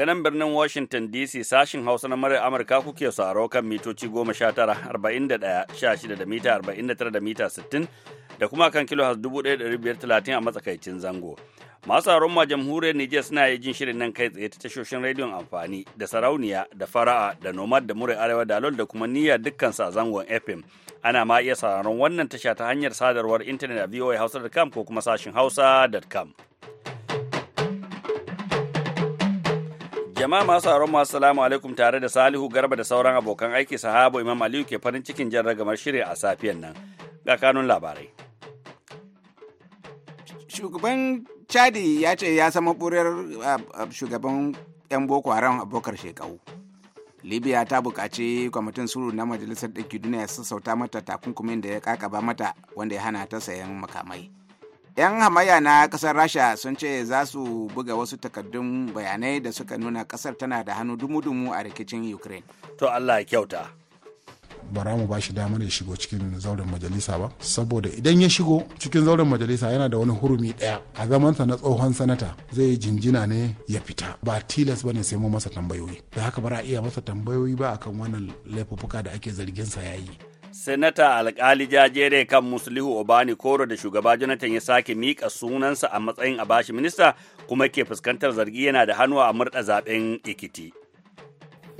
Daga nan birnin Washington DC sashin Hausa na murar Amurka kuke sauraro kan mitoci 19 41 da mita 60 da kuma kan kilo 1530 a matsakaicin zango. Masu sauraron ma jamhuriyar Nijar suna yi jin shirin nan kai tsaye ta tashoshin rediyon amfani da sarauniya da fara'a da nomad da murai arewa da da kuma niyyar dukkan sa zangon FM. Ana ma iya sauraron wannan tasha ta hanyar sadarwar intanet a voahausa.com ko kuma sashin hausa.com. Jama'a masu sauraron masu salamu alaikum tare da Salihu Garba da sauran abokan aiki sahabo Imam Aliyu ke farin cikin jan ragamar shirya a safiyan nan. Ga kanun labarai. Shugaban Chadi ya ce ya sama ɓurar ah, ah, shugaban 'yan Boko Haram abokar shekau. Libya ta buƙaci kwamitin suru na Majalisar Ɗinki Duniya ya sassauta mata takunkumin da ya kakaba mata wanda ya hana ta sayan makamai. 'yan hamayya na kasar rasha sun ce za su buga wasu takardun bayanai da suka nuna kasar tana da hannu dumu-dumu a rikicin ukraine to allah ya kyauta bara mu ba shi damar ya shigo cikin zauren majalisa ba saboda idan ya shigo cikin zauren majalisa yana da wani hurumi daya a zamansa na tsohon sanata zai yi jinjina ne ya fita ba tilas ne sai mu masa tambayoyi da haka bara iya masa tambayoyi ba akan wannan laifuffuka da ake zargin sa yayi Senata alkali jajere kan musulihu Obani Koro da shugaba Jonathan ya sake miƙa sunansa a matsayin a bashi minista kuma ke fuskantar zargi yana da hannu a murɗa zaben Ikiti.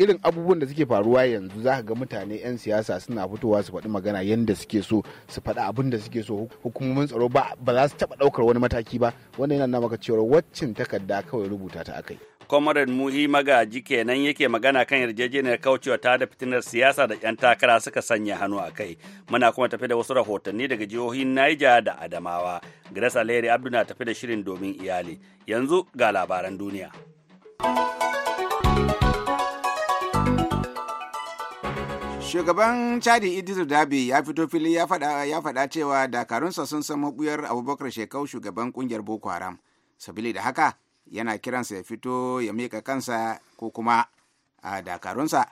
irin abubuwan da suke faruwa yanzu za ka ga mutane 'yan siyasa suna fitowa su faɗi magana yadda suke so su faɗi abin da suke so hukumomin tsaro ba za su taɓa ɗaukar wani mataki ba wanda yana maka cewa waccin takarda kawai rubuta ta akai. Comrade Muhi Magaji kenan yake magana kan yarjejeniyar kaucewa ta da fitinar siyasa da 'yan takara suka sanya hannu a kai. Muna kuma tafi da wasu rahotanni daga jihohin Niger da Adamawa. Grace Alheri Abdu na tafi da shirin domin iyali. Yanzu ga labaran duniya. Shugaban Chadi Idris Dabi ya fito fili ya faɗa cewa dakarunsa sun san mabuyar Abubakar Shekau shugaban kungiyar Boko Haram. Sabili da haka yana kiransa ya fito ya mika kansa ko kuma a dakarunsa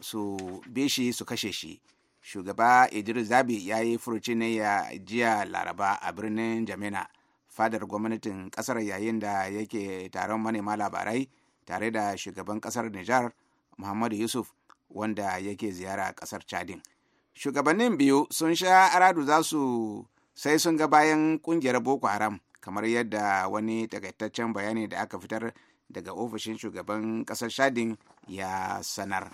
su bi shi su kashe shi. Shugaba Idris Dabi ya yi furuci ne ya jiya Laraba a birnin Jamina. fadar gwamnatin kasar yayin da yake taron manema labarai tare da shugaban kasar Nijar Muhammadu Yusuf wanda yake ziyara a ƙasar chadin shugabannin biyu sun sha aradu za su sai sun ga bayan ƙungiyar boko haram kamar yadda wani takaitaccen bayani da aka fitar daga ofishin shugaban ƙasar chadin ya sanar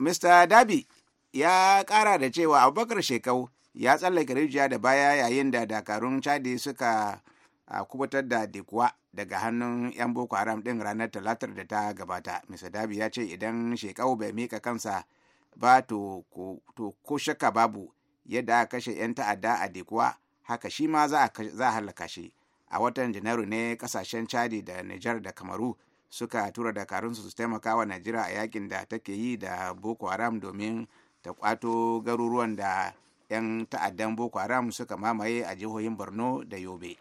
mr dabi ya ƙara da cewa abubakar shekau ya tsallake rijiya da baya yayin da dakarun chadi suka a kubutar da dekuwa daga hannun 'yan boko haram ɗin ranar talatar da ta gabata ms. dabi ya ce idan shekau bai mika kansa ba to ko shakka babu yadda aka kashe 'yan ta'adda a dekuwa haka shi ma za a halaka shi a watan janairu ne kasashen chadi da nijar da kamaru suka tura dakarunsu su taimaka wa najeriya a yakin da take yi da boko haram domin ta kwato garuruwan da 'yan ta'addan boko haram suka mamaye a jihohin borno da yobe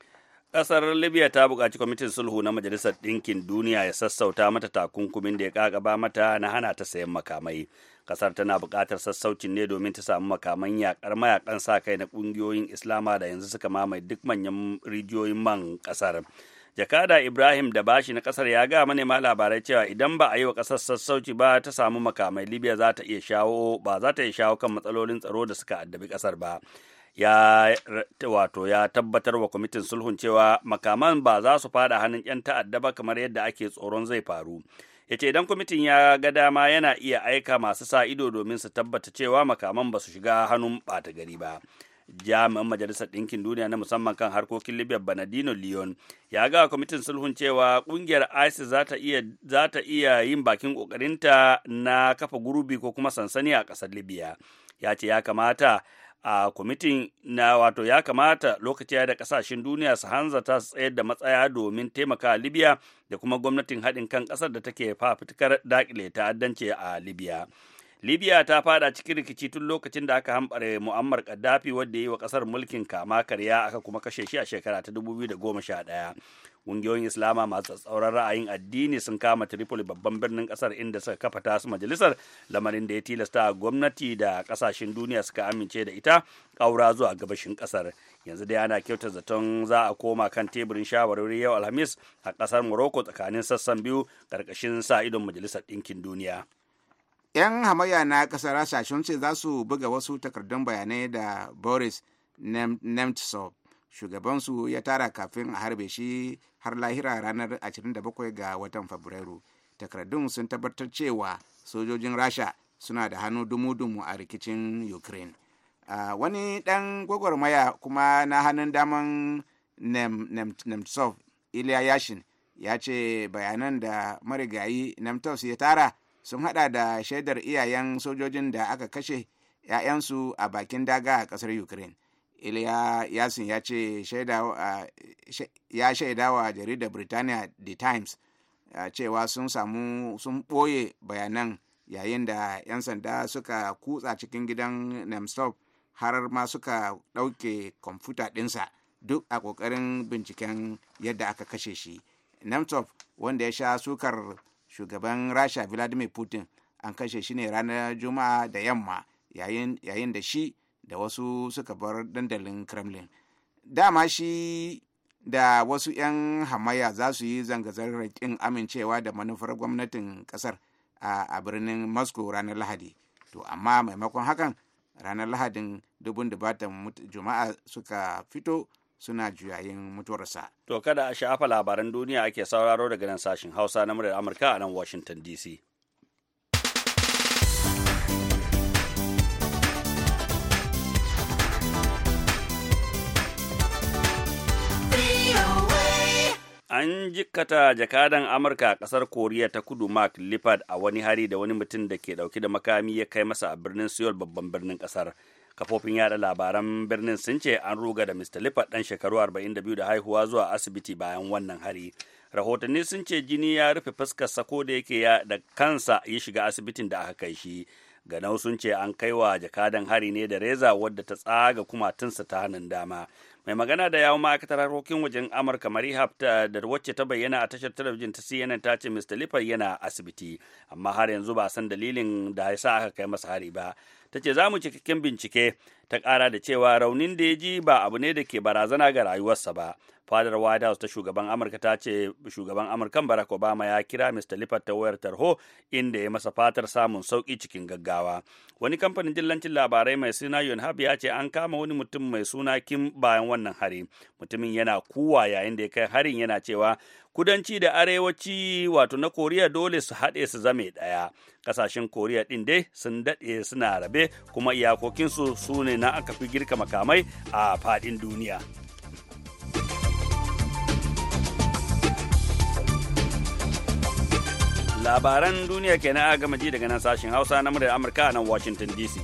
kasar Libya ta buƙaci kwamitin sulhu na Majalisar Ɗinkin Duniya ya sassauta mata takunkumin da ya ba mata na hana ta sayan makamai. Ƙasar tana buƙatar sassaucin ne domin ta samu makaman yaƙar mayakan sa kai na ƙungiyoyin Islama da yanzu suka mamaye duk manyan rijiyoyin man ƙasar. jakada ibrahim da bashi na ƙasar ya ga manema labarai cewa idan ba a yi wa kasar sassauci ba ta samu makamai libya za ta iya shawo ba za ta iya shawo kan matsalolin tsaro da suka addabi ƙasar ba ya wato ya tabbatar wa kwamitin sulhun cewa makaman ba za su fada hannun 'yan ta'adda ba kamar yadda ake tsoron zai faru ya ce idan kwamitin ya ga dama yana iya aika masu sa ido domin su tabbata cewa makaman ba su shiga hannun ɓata gari ba jami'an majalisar ɗinkin duniya na musamman kan harkokin libya banadino leon ya ga kwamitin sulhun cewa ƙungiyar isis za ta iya, yin bakin kokarinta na kafa gurubi ko kuma sansani a ƙasar libya ya ce ya kamata a kwamitin na wato ya kamata lokaci da kasashen duniya su hanza su tsayar da matsaya domin taimaka a libya da kuma gwamnatin haɗin kan ƙasar da take fafutukar daƙile ta'addanci a libya Libya ta fada cikin rikici tun lokacin da aka hambare Muammar Gaddafi wadda ya yi wa kasar mulkin kama karya aka kuma kashe shi a shekara ta 2011. Ƙungiyoyin Islama masu tsatsauran ra'ayin addini sun kama Tripoli babban birnin kasar inda suka kafa su majalisar lamarin da ya tilasta gwamnati da kasashen duniya suka amince da ita ƙaura zuwa gabashin kasar. Yanzu dai ana kyauta zaton za a koma kan teburin shawarwari yau Alhamis a kasar Morocco tsakanin sassan biyu karkashin sa idon Majalisar Ɗinkin Duniya. 'yan hamayya na kasar rasha sun ce za su buga wasu takardun bayanai da boris nemtsov shugabansu ya tara kafin a harbe shi har lahira ranar 27 ga watan fabrairu takardun sun tabbatar cewa sojojin rasha suna da hannu dumu-dumu a rikicin ukraine wani ɗan gwagwarmaya kuma na hannun daman nemtsov ilya yashin ya ce bayanan da marigayi nemtsov ya tara sun hada da shaidar iyayen sojojin da aka kashe 'ya'yansu a bakin daga a kasar ukraine iliya yasin ya ce ya shaida wa jaridar britaniya the times cewa sun samu sun ɓoye bayanan yayin da 'yan sanda suka kutsa cikin gidan nemstop har ma suka ɗauke kwamfuta ɗinsa duk a ƙoƙarin binciken yadda aka kashe shi nemstop wanda ya sha sukar shugaban rasha vladimir putin an kashe shi ne ranar juma'a da yamma yayin da shi da wasu suka bar dandalin kremlin dama shi da wasu 'yan hamaya za su yi zanga-zangar kin amincewa da manufar gwamnatin kasar a birnin moscow ranar lahadi to amma maimakon hakan ranar lahadin dubun dubatan juma'a suka fito suna juyayin mutuwarsa. To kada a shafa labaran duniya ake sauraro daga nan sashin Hausa na muryar Amurka a nan Washington DC. An jikkata jakadan Amurka a ƙasar Koriya ta kudu Mark Lippard a wani hari da wani mutum da ke ɗauke da makami ya kai masa a birnin Seoul babban birnin ƙasar. kafofin yada labaran birnin sun ce an ruga da mr lippert dan shekaru 42 da haihuwa zuwa asibiti bayan wannan hari rahotanni sun ce jini ya rufe fuskar sako da yake ya da kansa ya shiga asibitin da aka kai shi ganau sun ce an kai wa jakadan hari ne da reza wadda ta tsaga kumatunsa ta hannun dama mai magana da yawon ma'aikatar harkokin wajen amurka mari hafta da wacce ta bayyana a tashar talabijin ta cnn ta ce mr lippert yana asibiti amma har yanzu ba san dalilin da ya sa aka kai masa hari ba ta ce za mu cikakken bincike ta kara da cewa raunin da ya ji ba abu ne da ke barazana ga rayuwarsa ba fadar white house ta shugaban amurka ta ce shugaban amurkan barack obama ya kira mr lippert ta wayar tarho inda ya masa fatar samun sauki cikin gaggawa wani kamfanin dillancin labarai mai suna yonhap ya ce an kama wani mutum mai suna kim bayan wannan hari mutumin yana kuwa yayin da ya kai harin yana cewa kudanci da arewaci wato na koriya dole su haɗe su zame ɗaya kasashen koriya din dai sun daɗe suna rabe kuma iyakokinsu su ne na aka fi girka makamai a faɗin duniya labaran duniya kenan aka gama ji daga nan sashen hausa na muryar amurka nan washington dc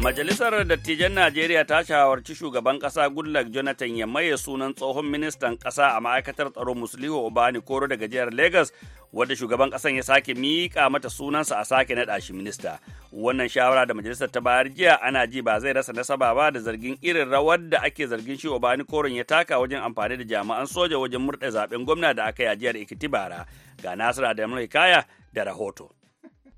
Majalisar Dattijan Najeriya ta shawarci shugaban ƙasa Goodluck Jonathan ya maye sunan tsohon ministan ƙasa a ma'aikatar tsaro Musliho Obani Koro daga jihar Lagos wadda shugaban ƙasan ya sake miƙa mata sunansa a sake naɗa shi minista. Wannan shawara da majalisar ta bayar jiya ana ji ba zai rasa nasaba ba da zargin irin rawar da ake zargin shi Obani Koron ya taka wajen amfani da jami'an soja wajen murɗe zaɓen gwamna da aka yi a jihar Ekiti bara. Ga Nasiru Adamu kaya da rahoto.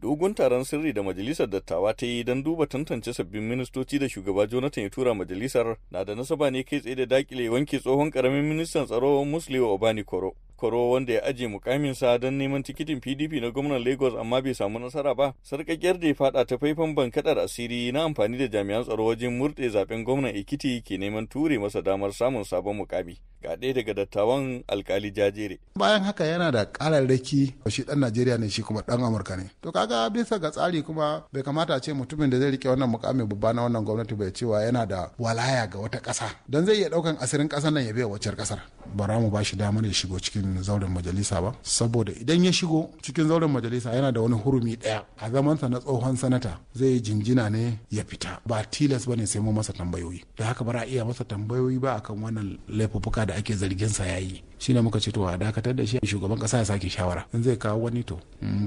dogon taron sirri da majalisar dattawa ta yi don duba tantance sabbin ministoci da shugaba jonathan ya tura majalisar na da nasaba ne kai tsaye da dakile wanke tsohon karamin ministan tsaro Musli obani koro koro wanda ya aje mukaminsa don neman tikitin pdp na gwamnan lagos amma bai samu nasara ba sarkakiyar da ya fada ta faifan bankadar asiri na amfani da jami'an tsaro wajen murɗe zaben gwamnan ekiti ke neman ture masa damar samun sabon mukami ga ɗaya daga dattawan alkali jajere bayan haka yana da ƙararraki shi ɗan najeriya ne shi kuma ɗan amurka ne to kaga bisa ga tsari kuma bai kamata a ce mutumin da zai rike wannan mukami babba na wannan gwamnati bai cewa yana da walaya ga wata ƙasa don zai iya ɗaukan asirin ƙasar nan ya biya waccar ƙasar ba bara mu shi damar ya shigo cikin zauren majalisa ba saboda idan ya shigo cikin zauren majalisa yana da wani hurumi daya a sa na tsohon sanata zai yi jinjina ne ya fita ba tilas ba ne sai mu masa tambayoyi da haka bara iya masa tambayoyi ba akan wannan laifuffuka da ake zargin sa yayi shine muka ce to a dakatar da shi shugaban kasa ya sake shawara in zai kawo wani to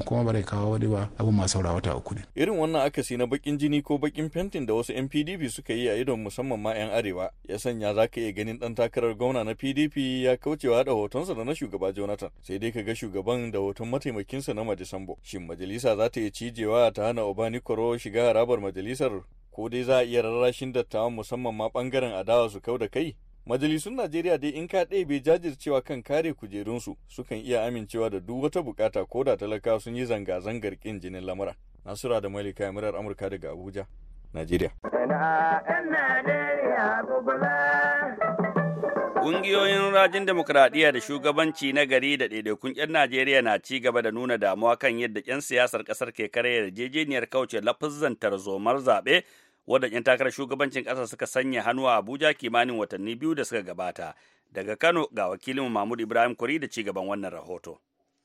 kuma bare kawo wani ba abin ma saura wata uku ne irin wannan akasi na bakin jini ko bakin fentin da wasu yan PDP suka yi a idon musamman ma yan arewa ya sanya za ka iya ganin dan takarar gwamna na PDP ya kaucewa da hotonsa da na shugaba Jonathan sai dai ka ga shugaban da hoton mataimakinsa na Majisambo shin majalisa za ta iya cijewa ta hana Obani Koro shiga harabar majalisar ko dai za a iya rarrashin dattawan musamman ma bangaren adawa su kau da kai Majalisun Najeriya dai in ka ɗebe jajircewa kan kare kujerunsu sukan iya amincewa da duk wata bukata ko da talaka sun yi zanga-zangar ƙin jinin lamura. Nasura da Malika Murar Amurka daga Abuja, Najeriya. Ƙungiyoyin rajin demokuraɗiyya da shugabanci na gari da ɗaiɗaikun 'yan Najeriya na ci gaba da nuna damuwa kan yadda 'yan siyasar ƙasar ke kare yarjejeniyar kauce lafazantar zomar zaɓe wadda 'yan takarar shugabancin ƙasa suka sanya hannu a Abuja kimanin watanni biyu da suka gabata. Daga Kano ga wakilin Mahmud Ibrahim Kuri da cigaban wannan rahoto.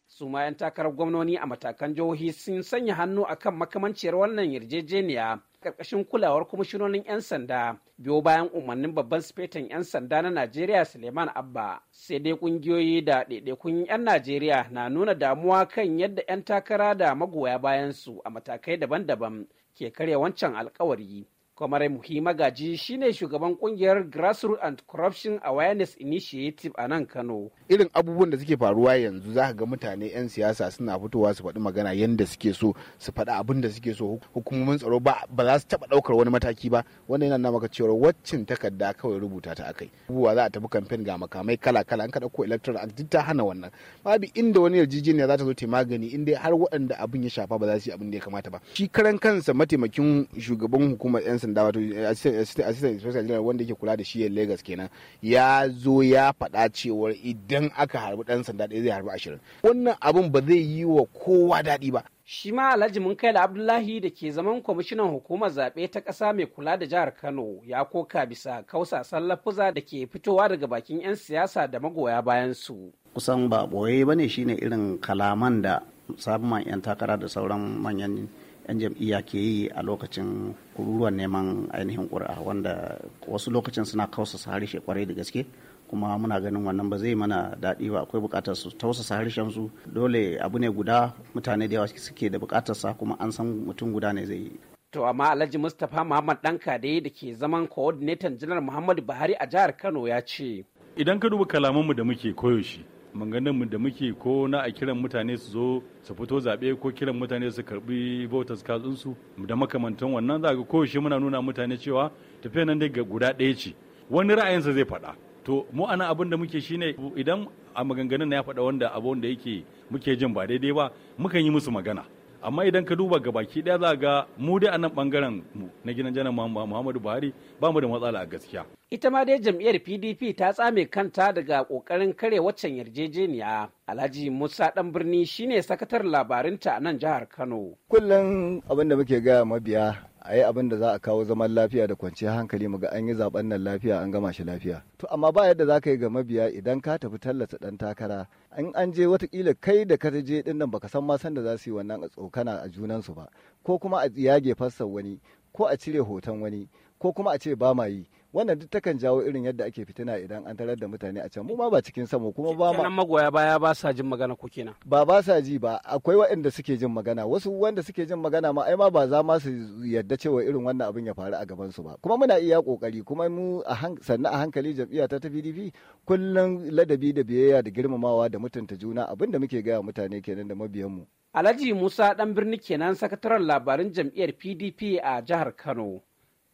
su ma 'yan takarar gwamnoni a matakan jihohi sun sanya hannu akan makamanciyar wannan yarjejeniya karkashin kulawar kwamishinonin 'yan sanda biyo bayan umarnin babban sifetin 'yan sanda na najeriya suleiman abba sai dai kungiyoyi da ɗaiɗaikun 'yan najeriya na nuna damuwa kan yadda 'yan takara da magoya bayansu a matakai daban-daban ke karya wancan alkawari Kwamare gaji Magaji ne shugaban kungiyar Grassroots and Corruption Awareness Initiative a nan Kano. Irin abubuwan da suke faruwa yanzu za ga mutane 'yan siyasa suna fitowa su faɗi magana yadda suke so su faɗi abin da suke so hukumomin tsaro ba za su taɓa ɗaukar wani mataki ba wannan yana maka cewa waccin takarda kawai rubuta ta akai. Abubuwa za a tafi kamfen ga makamai kala kala an ka ɗauko electoral act duk ta hana wannan. Babu inda wani yarjejeniya za ta zo ta magani inda har waɗanda abin ya shafa ba za su yi abin da ya kamata ba. Shi karan kansa mataimakin shugaban hukumar 'yan da wato eh, assistant special general wanda yake kula da shi Lagos kenan ya zo ya faɗa cewa idan aka harbi dan sanda ɗaya zai harbi ashirin wannan abun ba zai yi wa kowa daɗi ba shi ma alhaji da abdullahi da ke zaman kwamishinan hukumar zaɓe ta ƙasa mai kula da jihar kano ya koka bisa kausasan lafuza da ke fitowa daga bakin 'yan siyasa da magoya bayan su kusan ba ɓoye ba ne shine irin kalaman da sabon 'yan takara da sauran manyan 'yan jam'iyya ke yi a lokacin kururuwan neman ainihin ƙuri'a wanda wasu lokacin suna kausasa harshe kwarai da gaske kuma muna ganin wannan ba zai mana daɗi ba akwai buƙatar su tausasa harshen su dole abu ne guda mutane da yawa suke da buƙatar sa kuma an san mutum guda ne zai yi to amma alhaji mustapha muhammad dan kadai da ke zaman coordinator janar muhammadu buhari a jihar kano ya ce idan ka duba kalamanmu da muke koyaushe maganganun da muke ko na a kiran mutane su zo su fito zaɓe ko kiran mutane su karɓi voters su da makamantan wannan za ga koyaushe muna nuna mutane cewa tafiya nan dai guda ɗaya ce wani ra'ayinsa zai faɗa to mu ana abin da muke shine idan a maganganun na ya faɗa wanda abu wanda yake muke jin ba daidai ba mukan yi musu magana amma idan ka duba ga baki daya za ga mu dai a nan bangaren mu na gidan janar muhammadu buhari ba mu da matsala a gaskiya ita ma dai jam'iyyar pdp ta tsame kanta daga kokarin kare waccan yarjejeniya alhaji musa dan birni shine sakatar labarinta a nan jihar kano kullum abin da muke gaya mabiya a yi abin da za a kawo zaman lafiya da kwanciyar hankali mu ga an yi zaben nan lafiya an gama shi lafiya to amma ba yadda za ka yi ga mabiya idan ka tafi tallata dan takara in an je watakila kai da ka je din nan baka san ma san da za su yi wannan a tsokana a junan su ba ko kuma a yage fassar wani ko a cire hoton wani ko kuma a ce ba ma yi wannan duk takan jawo irin yadda ake fitina idan an tarar da mutane a can mu ma ba cikin samu kuma ba ma magoya baya ba sa jin magana ko kenan ba ba sa ji ba akwai waɗanda suke jin magana wasu wanda suke jin magana ma ai ma ba za ma su yadda cewa irin wannan abin ya faru a gaban su ba kuma muna iya kokari kuma mu a sannan a hankali jam'iyya ta PDP kullum ladabi da biyayya da girmamawa da mutunta juna abinda muke gaya mutane kenan da mabiyan mu Alhaji Musa dan birni kenan sakataren labarin jam'iyyar PDP a jihar Kano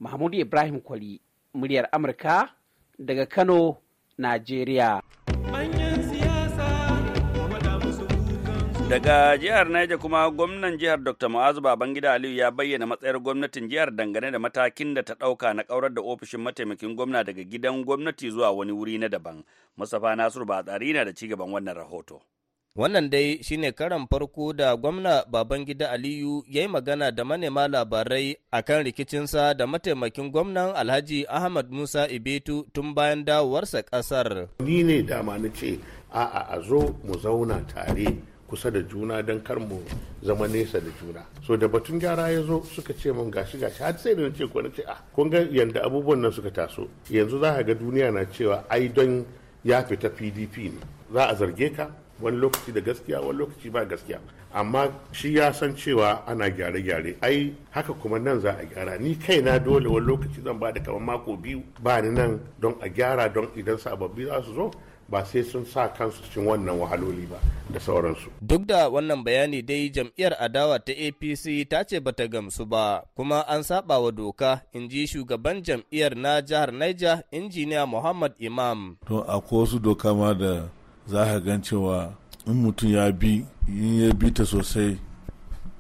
Mahmud Ibrahim Kwali muryar Amurka daga Kano, Najeriya. Daga jihar Niger kuma gwamnan jihar Dr. Mu'azu Babangida Aliyu ya bayyana matsayar gwamnatin jihar dangane da matakin da ta ɗauka na ƙaurar da ofishin mataimakin gwamna daga gidan gwamnati zuwa wani wuri na daban. Mustapha Nasiru ba tsari na da cigaban wannan rahoto. Wannan dai shine karan farko da gwamna Babangida Aliyu ya yi magana da manema labarai a kan rikicinsa da mataimakin gwamnan Alhaji Ahmad Musa Ibetu tun bayan dawowarsa kasar. Ni ne dama na ce, a'a a zo mu zauna tare kusa da juna don kar mu zama nesa da juna. So da batun gyara ya zo suka ce min gashi gashi har sai na ce ko na ce a ah, kun ga yanda abubuwan nan suka taso. Yanzu za ka ga duniya na cewa ai don ya fita PDP ne. Za a zarge ka wani lokaci da gaskiya wani lokaci ba gaskiya amma shi ya san cewa ana gyare-gyare ai haka kuma nan za a gyara ni kai na dole wani lokaci zan ba da kamar mako biyu ba ni nan don a gyara don idan sababbi za su zo ba sai sun sa kansu cikin wannan wahaloli ba da sauransu. Duk da wannan bayani dai jam'iyyar adawa ta APC ta ce bata gamsu ba kuma an saba wa doka in ji shugaban jam'iyyar na jihar Niger injiniya Muhammad Imam. To akwai wasu doka ma da za ka gan cewa in mutum ya bi in ya bi ta sosai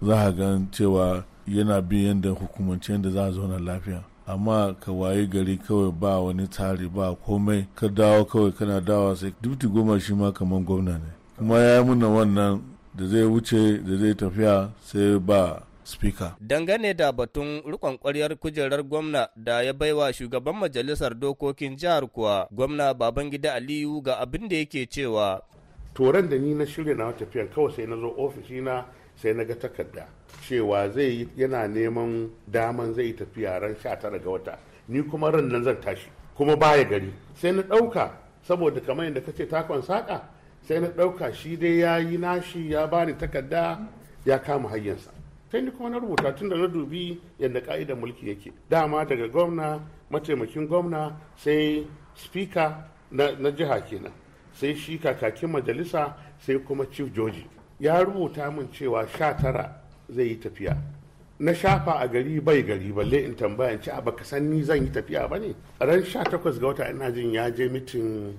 za ka gan cewa yana bi yadda hukumance yadda za a zauna lafiya amma ka waye gari kawai ba wani tsari ba komai ka dawo kawai kana dawa sai dubti goma shi ma kamar gwamna ne kuma ya yi muna wannan da zai wuce da zai tafiya sai ba speaker dangane da batun rikon kwaryar kujerar gwamna da ya baiwa shugaban majalisar dokokin jihar kuwa gwamna babangida aliyu ga abin da yake cewa Turan da ni na shirya na tafiyan kawai sai na zo ofishina sai na ga takarda cewa zai yana neman daman zai tafiya ran 19 ga wata ni kuma ran nan zan tashi kuma baya gari sai na ɗauka saboda kamar yadda kace takon saka sai na ɗauka shi dai ya yi nashi ya bani takarda ya kama hanyarsa sai ni kuma na rubuta tun da na dubi yadda ka'idar mulki yake dama daga gwamna mataimakin gwamna sai spika na jiha kenan sai shi kakakin majalisa sai kuma chief joji ya rubuta min cewa sha tara zai yi tafiya na shafa a gari bai gari balle in tambaya ci a baka san ni zan yi tafiya ba ne ran sha takwas ga wata ina jin ya je mitin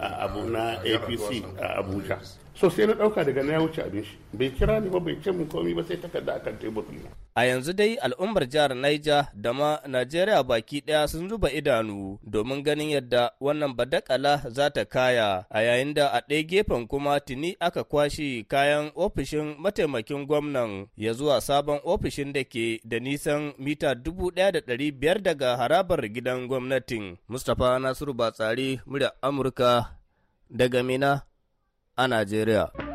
abu ah, na apc a abuja so sai na dauka daga na ya wuce abin shi bai kira ni ba bai ce mun komai ba sai takarda akan tebur na a yanzu dai al'ummar jihar Niger da ma Najeriya baki daya sun zuba idanu domin ganin yadda wannan badakala za ta kaya a yayin da a ɗaya gefen kuma tuni aka kwashe kayan ofishin mataimakin gwamnan ya zuwa sabon ofishin da ke da nisan mita dubu ɗaya da ɗari biyar daga harabar gidan gwamnatin Mustapha Nasiru Batsari murya Amurka daga Mina a Najeriya.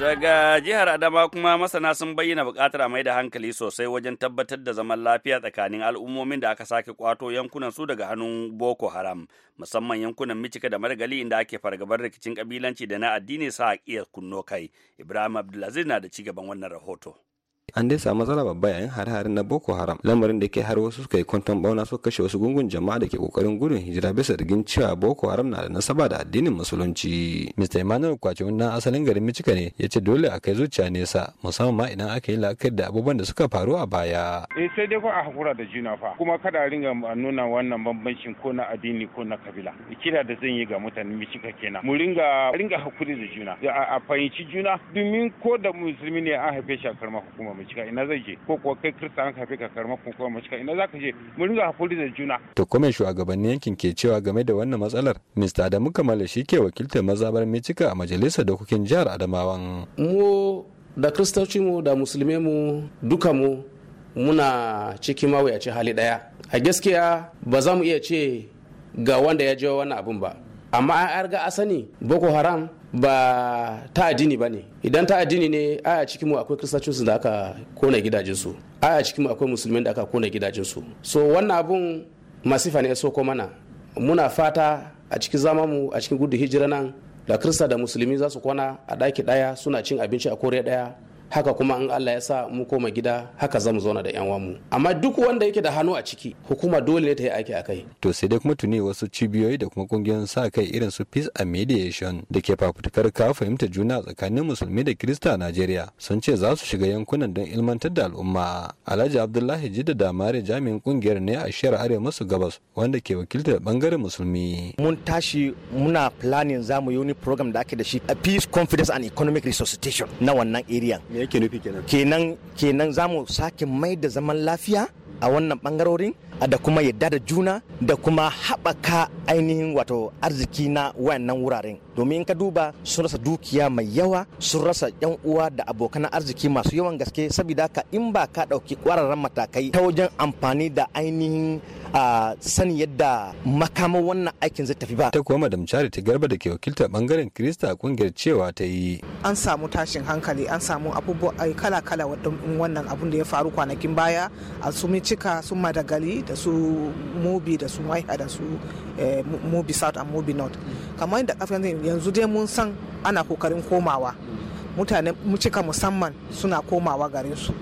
Daga jihar Adama kuma masana sun bayyana bukatar a mai da hankali sosai wajen tabbatar da zaman lafiya tsakanin al'ummomin da aka sake kwato yankunan su daga hannun Boko Haram, musamman yankunan Micika da Margali inda ake fargabar rikicin kabilanci da na addini sa a iya kunno kai. Ibrahim Abdulaziz na da cigaban wannan rahoto. an dai samu matsala babba yayin har-harin na boko haram lamarin da ke har wasu suka yi kwanton bauna suka kashe wasu gungun jama'a da ke kokarin gudun hijira bisa rigin cewa boko haram na da nasaba da addinin musulunci mr emmanuel kwace na asalin garin michigan ne ya ce dole a kai zuciya nesa musamman ma idan aka yi la'akari da abubuwan da suka faru a baya eh sai dai ko a hakura da juna fa kuma kada a ringa nuna wannan bambancin ko na addini ko na kabila kira da zan yi ga mutanen michigan kenan mu ringa ringa hakuri da juna a fahimci juna domin ko da musulmi ne an haife shi a karma hukumar macika ina zai je ko kuwa kai kirista an ka karma kuma ina za ka je mu ringa hakuri da juna. to kome shugabannin yankin ke cewa game da wannan matsalar mr adamu kamala shi ke wakiltar mazabar micika a majalisar dokokin jihar adamawa mu da kristoci mu da musulmi mu duka mu muna cikin mawuyaci hali daya a gaskiya ba za mu iya ce ga wanda ya jawo wannan abun ba amma an ga a sani boko haram ba ta addini ba ne idan ta addini ne aya cikinmu akwai kristacinsu da aka kona gidajensu aya cikinmu akwai musulmin da aka kona gidajensu so wannan abun masifa ne soko mana muna fata a cikin zamanmu a cikin gudu hijira nan da krista da musulmi za su kwana a ɗaki ɗaya suna cin abinci a koriya ɗaya haka kuma in Allah ya sa mu koma gida haka zamu zauna da 'yan mu amma duk wanda yake da hannu a ciki hukuma dole ne ta yi aiki a kai to sai dai kuma tuni wasu cibiyoyi da kuma kungiyoyin sa kai irin su peace and mediation da ke fafutukar ka fahimta juna tsakanin musulmi da kirista a Najeriya sun ce za su shiga yankunan don ilmantar da al'umma Alhaji Abdullahi Jidda da Damare jami'in kungiyar ne a shiyar Arewa maso gabas wanda ke wakiltar bangaren musulmi mun tashi muna planning zamu yi wani program da ake da shi a peace confidence and economic resuscitation na wannan area me yake nufi kenan kenan kenan zamu sake mai da zaman lafiya a wannan bangarorin da kuma yadda da juna da kuma haɓaka ainihin wato arziki na wayannan wuraren domin ka duba sun rasa dukiya mai yawa sun rasa yan uwa da abokan arziki masu yawan gaske saboda ka in ba ka ɗauki ƙwararren matakai ta wajen amfani da ainihin a sani yadda makaman wannan aikin zai tafi ba ta kuwa madam chari ta garba da ke wakilta bangaren krista kungiyar cewa ta yi an samu tashin hankali an samu abubuwa kala kala wannan abun da ya faru kwanakin baya a sumi cika su madagali da su mobi da su waiha da su eh, mobi south and mobi north kamar da kafin yanzu dai mun san ana kokarin komawa mutane cika musamman suna komawa garin su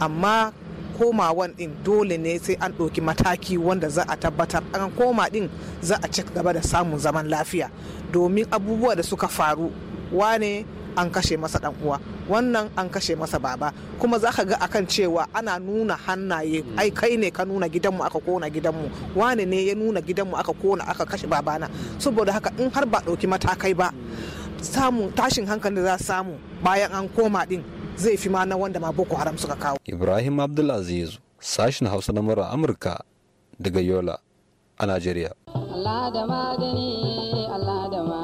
amma komawan din dole ne sai an ɗauki mataki wanda za a tabbatar an koma din za a cika gaba da samun zaman lafiya domin abubuwa da suka faru wane an kashe masa dan uwa wannan an kashe masa baba kuma za ka ga akan cewa ana nuna hannaye mm. ai kai ne ka nuna gidanmu aka kona gidanmu wane ne ya nuna gidanmu aka kona aka kashe babana saboda haka in har ba ɗauki matakai ba samu tashin hankali za samu bayan an koma din zai fi ma na wanda ma boko haram suka kawo ibrahim abdulaziz sashin hausa na mura amurka daga yola a najeriya allah da magani allah da magani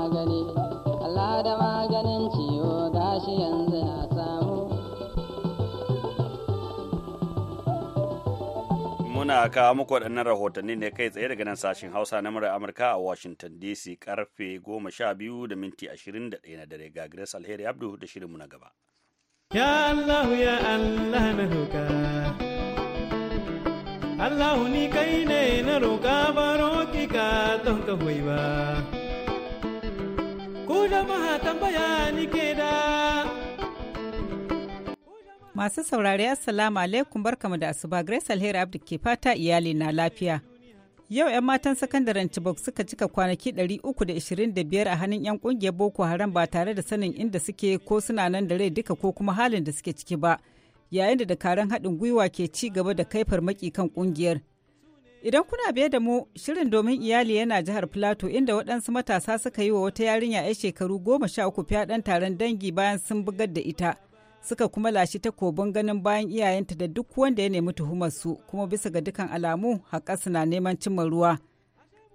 muna kawo muku waɗannan rahotanni ne kai tsaye daga nan sashen Hausa na murar Amurka a Washington DC karfe 12 da minti 21 na dare ga Grace Alheri Abdu da shirinmu na gaba. Ya Allah ya Allah na roƙa. Allah ni kai ne na roƙa baro ki ka don ka hoyi ba. Ku jama'a tambaya ni ke da. Masu saurari Assalamu alaikum barkamu da asuba Grace Alheri Abdi ke fata iyali na lafiya. Yau 'yan matan sakandaren Chibok suka cika kwanaki 325 a hannun 'yan kungiyar Boko Haram ba tare da sanin inda suke ko suna nan da rai duka ko kuma halin da suke ciki ba, yayin da dakaran haɗin gwiwa ke ci gaba da kai farmaki kan kungiyar. Idan kuna biye da mu, shirin domin iyali yana jihar Filato inda waɗansu matasa suka yi wa wata yarinya 'yar shekaru goma sha uku fyaɗen taron dangi bayan sun bugar da ita. suka kuma lashi takobin ganin bayan iyayenta da duk wanda ya nemi tuhumar su kuma bisa ga dukan alamu haƙasa na neman cimma ruwa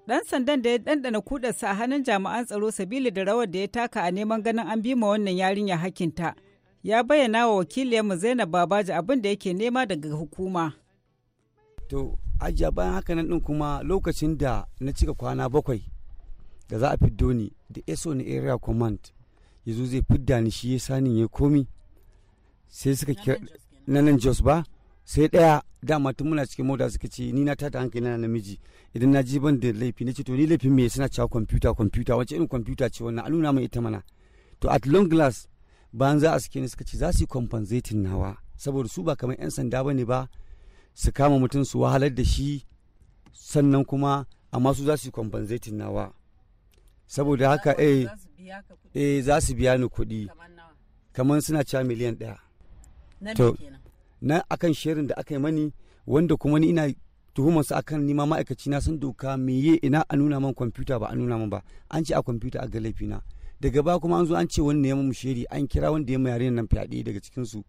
ɗan sandan da ya ɗanɗana kudarsa a hannun jami'an tsaro sabili da rawar da ya taka a neman ganin an bi ma wannan yarinya hakinta ya bayyana wa wakiliyarmu zainab babaji abin da yake nema daga hukuma to ajiya bayan haka nan ɗin kuma lokacin da na cika kwana bakwai da za a fiddo ni da eso na area command yanzu zai fidda ni shi ya sanin ya komi sai suka kira na nan jos ba sai daya dama tun muna cikin mota suka ce ni na tata hankali na namiji idan na ji ban da laifi na ce to ni laifin me suna cewa kwamfuta kwamfuta wace irin kwamfuta ce wannan aluna mai ita mana to at long glass bayan za a suke ne suka ce za su yi compensating nawa saboda su ba kamar yan sanda bane ba su kama mutum su wahalar da shi sannan kuma amma su za su yi compensating nawa saboda haka eh, eh za su biya ni kuɗi kamar suna cewa miliyan ɗaya to na akan shirin da aka yi mani wanda kuma ni ina tuhumarsa akan nima ma'aikaci na san doka meye ina a nuna man kwamfuta ba a nuna man ba an ce a kwamfuta a ga na daga ba kuma an zo an ce wani ne ya mun sheri an kira wanda ya yare nan fyaɗe daga cikin su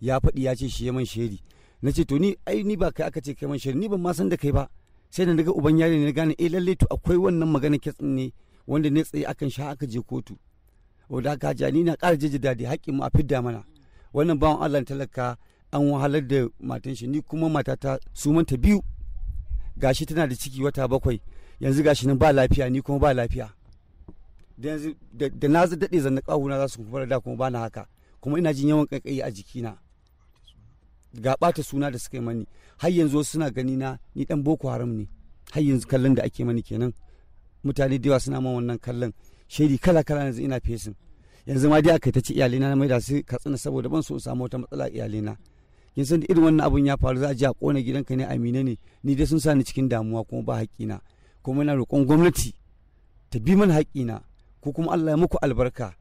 ya faɗi ya ce shi ya man sheri na ce to ni ai ni ba kai aka ce kai man sheri ni ban ma san da kai ba sai da daga uban yare ne na gane eh lalle to akwai wannan magana kitsin ne wanda ne tsaye akan sha aka je kotu o da ka ja ni na ƙara jaji daɗi haƙƙin mu a fidda mana wannan bawan allah talaka an wahalar da matan shi ni kuma matata su manta biyu gashi tana da ciki wata bakwai yanzu gashi nan ba lafiya ni kuma ba lafiya da yanzu da na daɗe kawo na za su fara da kuma bana haka kuma ina jin yawan ƙaiƙayi a jikina ga ɓata suna da suka yi mani har yanzu suna gani na ni dan boko haram ne har yanzu kallon da ake mani kenan mutane da yawa suna man wannan kallon shaidi kala kala yanzu ina fesin yanzu ma dai aka yi ta ci iyalina na maida su katsina saboda ban so samu wata matsala na kin san irin wannan abun ya faru za a je a kona gidanka ne amina ne ni dai sun sa ni cikin damuwa kuma ba haƙƙina kuma na roƙon gwamnati ta bi mana haƙƙina ko kuma Allah ya muku albarka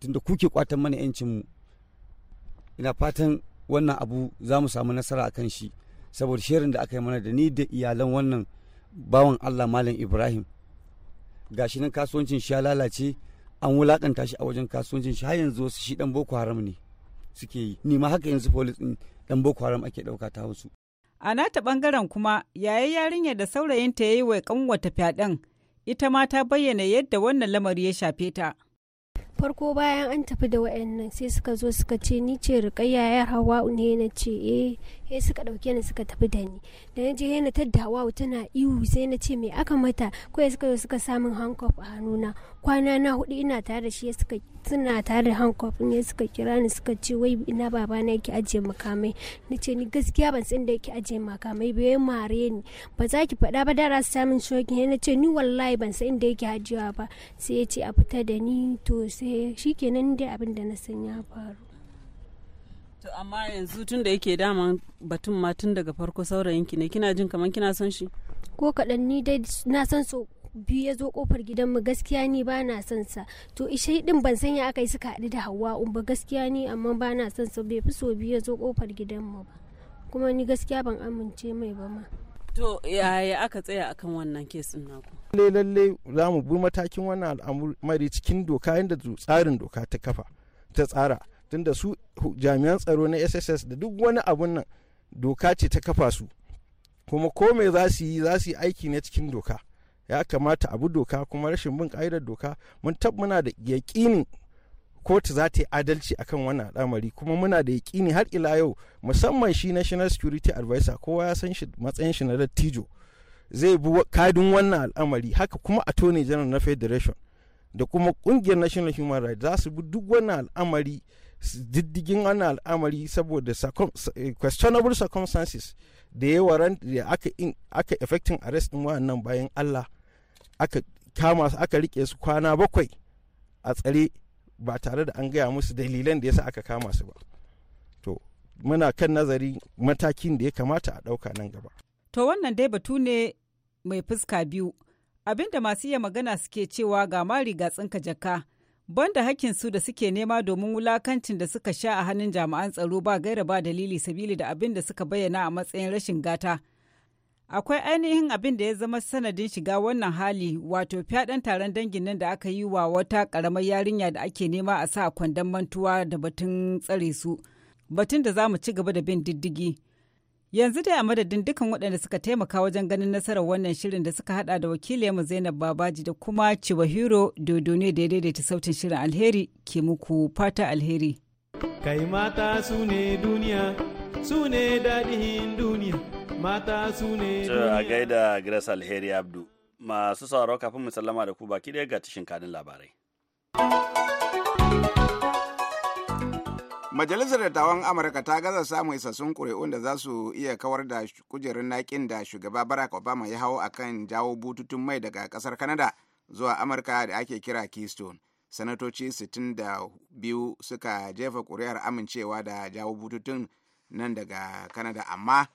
tunda kuke kwatan mana yancin mu ina fatan wannan abu za mu samu nasara akan shi saboda shirin da aka yi mana da ni da iyalan wannan bawan Allah malam Ibrahim gashi nan kasuwancin shi ya lalace an wulakanta shi a wajen kasuwancin shi har yanzu wasu shi dan boko haram ne suke yi ni ma haka yanzu police din dan boko haram ake ɗauka ta wasu a nata ɓangaren kuma yayin yarinya da saurayinta yi wa kanwata fyaɗen ita ma ta bayyana yadda wannan lamari ya shafe ta farko bayan an tafi da waɗannan sai suka zo suka ce ni ce rikayya ya hawa ne na ce eh sai suka dauke ni suka tafi da ni da na je na taddawa tana ihu sai na ce me aka mata ya suka zo suka samun handcuff a hannuna kwana na hudu ina tare da shi suka suna tare da handcuff ne suka kira ni suka ce wai ina baba na yake ajiye makamai na ce ni gaskiya ban san da yake ajiye makamai ba ya mare ni ba za ki faɗa ba da ra su samun shokin na ce ni wallahi ban san inda yake ajiyewa ba sai ya ce a fita da ni to sai shikenan dai abin da na san ya faru To amma yanzu tun da yake daman batun ma tun daga farko saurayinki ne kina jin kamar kina son shi? Ko kaɗan ni dai na son so biyu ya zo kofar gidanmu gaskiya ni ba na son sa to ishe din ban sanya aka yi suka haɗu da hawa ba gaskiya ni amma ba na son sa bai fi so biyu ya zo kofar gidanmu ba kuma ni gaskiya ban amince mai ba ma to yaya aka tsaya akan wannan kesin naku lalle lalle za mu bi matakin wannan al'amari cikin doka yadda tsarin doka ta kafa ta tsara tunda su jami'an tsaro na sss da duk wani abun nan doka ce ta kafa su kuma ko me za su yi za su yi aiki ne cikin doka ya kamata abu doka kuma rashin bin ka'idar doka mun tab muna da yaƙinin kotu za ta yi adalci akan wannan al'amari kuma muna da yaƙini har ila yau musamman shi national security advisor kowa ya san shi matsayin shi na dattijo zai bi kadin wannan al'amari haka kuma a tone general na federation da kuma kungiyar national human rights za su bi duk wannan al'amari diddigin ana al'amari saboda eh, questionable circumstances da ya waran da aka aka effecting arrest din wannan bayan Allah aka kama su aka rike su kwana bakwai a tsare ba tare da an gaya musu dalilan da yasa aka kama su ba to muna kan nazari matakin da ya kamata a ɗauka nan gaba to wannan dai batu ne mai fuska biyu abinda masu iya magana suke cewa ga mari ga tsinka jaka banda su da suke nema domin wulakancin da suka sha a hannun jami'an tsaro ba gaira ba dalili sabili da abin da suka bayyana a matsayin rashin gata. Akwai ainihin abin da ya zama sanadin shiga wannan hali wato fyaɗen taron dangin nan da aka yi wa wata ƙaramar yarinya da ake nema a sa kwandon mantuwa da batun tsare su. Batun da za mu ci gaba da bin diddigi. Yanzu dai a madadin dukan waɗanda suka taimaka wajen ganin nasarar wannan shirin da suka hada da mu Zainab Babaji da kuma Chibahiro Dodone da ya daidaita sautin shirin alheri ke muku fata alheri. Kai mata su ne duniya, su ne daɗin duniya, mata su ne a gaida Grace Alheri Abdu. Masu sauraro kafin mu sallama da ku baki ɗaya ga tashin kanin labarai. Majalisar Dattawan Amurka ta gaza samun isassun ƙuri'un da za su iya kawar da kujerun naƙin da shugaba Barack Obama ya hau akan jawo bututun mai daga ƙasar Canada zuwa Amurka da ake kira Keystone. Sanatoci 62 suka jefa ƙuri'ar amincewa da jawo bututun nan daga Canada amma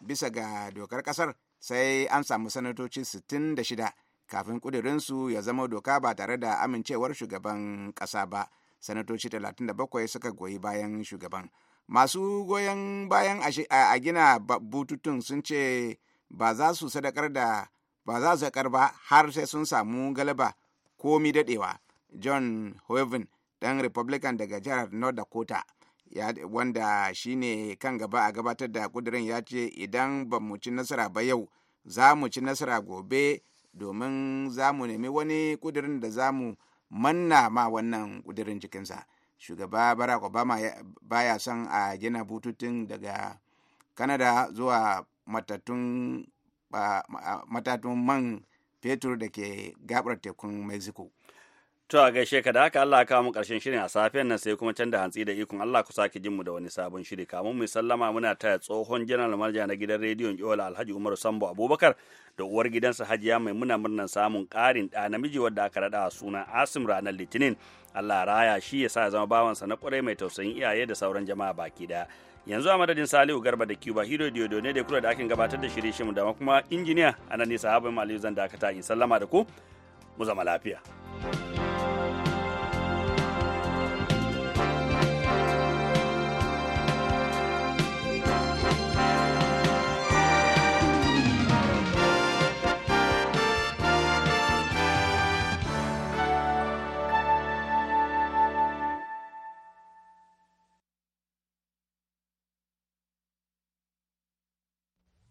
bisa ga dokar ƙasar sai an samu sanatoci 66 kafin ƙudurinsu ya zama doka ba tare da amincewar shugaban ƙasa ba. sanatoci talatin da 37 suka goyi bayan shugaban masu goyon bayan a gina bututun sun ce ba za su sadakar da ba za su sadakar ba har sai sun samu galaba komi dadewa john hoven ɗan republican daga jihar north dakota ya, wanda shine kan gaba a gabatar da kudirin ya ce idan ba mu ci nasara ba yau za mu ci nasara gobe domin za mu nemi wani kudirin da za mu manna ma wannan ƙudurin jikinsa shugaba barack obama baya son a gina bututun daga kanada zuwa matatun matatun man fetur da ke gabar tekun mexico To a gaishe ka da haka Allah kawo mu karshen shirin a safiyan nan sai kuma can da hantsi da ikon Allah ku sake jin mu da wani sabon shiri kamun mu sallama muna taya tsohon janar marja na gidan rediyon Yola Alhaji Umar Sambo Abubakar da uwar gidansa Hajiya mai muna murnan samun ƙarin ɗa namiji wadda aka raɗa a suna Asim ranar Litinin Allah raya shi ya sa ya zama bawansa na kwarai mai tausayin iyaye da sauran jama'a baki ɗaya yanzu a madadin Salihu Garba da Cuba Hiro Diodo ne da kura da akin gabatar da shirye shimu da kuma injiniya Anani Sahabu Aliyu zan dakata in sallama da ku mu zama lafiya. thank you